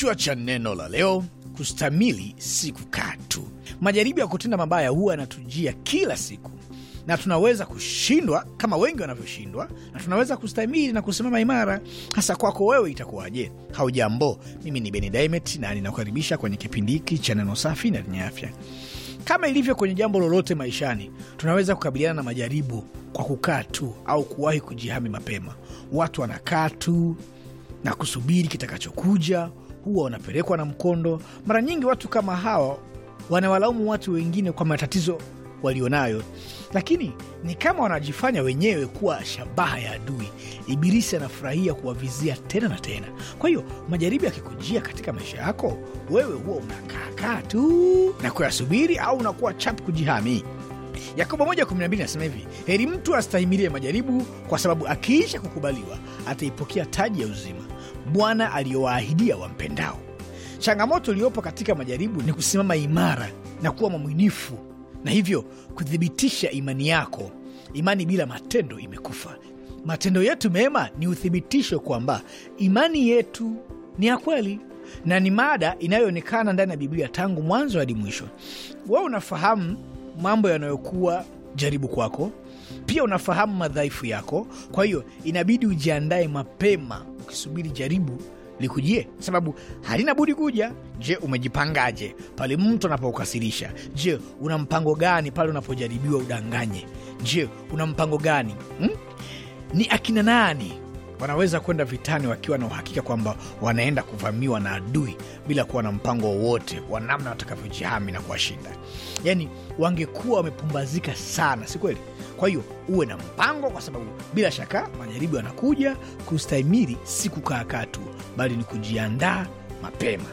Kichwa cha neno la leo: kustamili si kukaa tu. Majaribu ya kutenda mabaya huwa yanatujia kila siku, na tunaweza kushindwa kama wengi wanavyoshindwa, na tunaweza kustamili na kusimama imara. Hasa kwako wewe itakuwaje? Haujambo, mimi ni Beni Daimet na ninakukaribisha kwenye kipindi hiki cha neno safi na lenye afya. Kama ilivyo kwenye jambo lolote maishani, tunaweza kukabiliana na majaribu kwa kukaa tu au kuwahi kujihami mapema. Watu wanakaa tu na kusubiri kitakachokuja, huwa wanapelekwa na mkondo. Mara nyingi watu kama hawa wanawalaumu watu wengine kwa matatizo walionayo, lakini ni kama wanajifanya wenyewe kuwa shabaha ya adui. Ibilisi anafurahia kuwavizia tena na tena. Kwa hiyo majaribu yakikujia katika maisha yako, wewe huwa unakaakaa tu na kuyasubiri, au unakuwa chap kujihami. Yakobo 1:12 nasema hivi, heri mtu astahimilie majaribu, kwa sababu akiisha kukubaliwa ataipokea taji ya uzima Bwana aliyowaahidia wampendao. Changamoto iliyopo katika majaribu ni kusimama imara na kuwa mwaminifu, na hivyo kuthibitisha imani yako. Imani bila matendo imekufa. Matendo yetu mema ni uthibitisho kwamba imani yetu ni ya kweli na ni mada inayoonekana ndani ya Biblia tangu mwanzo hadi mwisho. wa unafahamu mambo yanayokuwa jaribu kwako, pia unafahamu madhaifu yako. Kwa hiyo inabidi ujiandae mapema, ukisubiri jaribu likujie, kwa sababu halina budi kuja. Je, umejipangaje pale mtu anapokasirisha Je, una mpango gani pale unapojaribiwa udanganye? Je, una mpango gani hmm? Ni akina nani wanaweza kwenda vitani wakiwa na uhakika kwamba wanaenda kuvamiwa na adui bila kuwa na mpango wowote wa namna watakavyojihami na kuwashinda. Yaani wangekuwa wamepumbazika sana, si kweli? Kwa hiyo uwe na mpango, kwa sababu bila shaka majaribu yanakuja. kustahimiri si kukaakaa tu, bali ni kujiandaa mapema.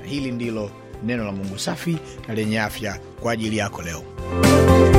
Na hili ndilo neno la Mungu safi na lenye afya kwa ajili yako leo.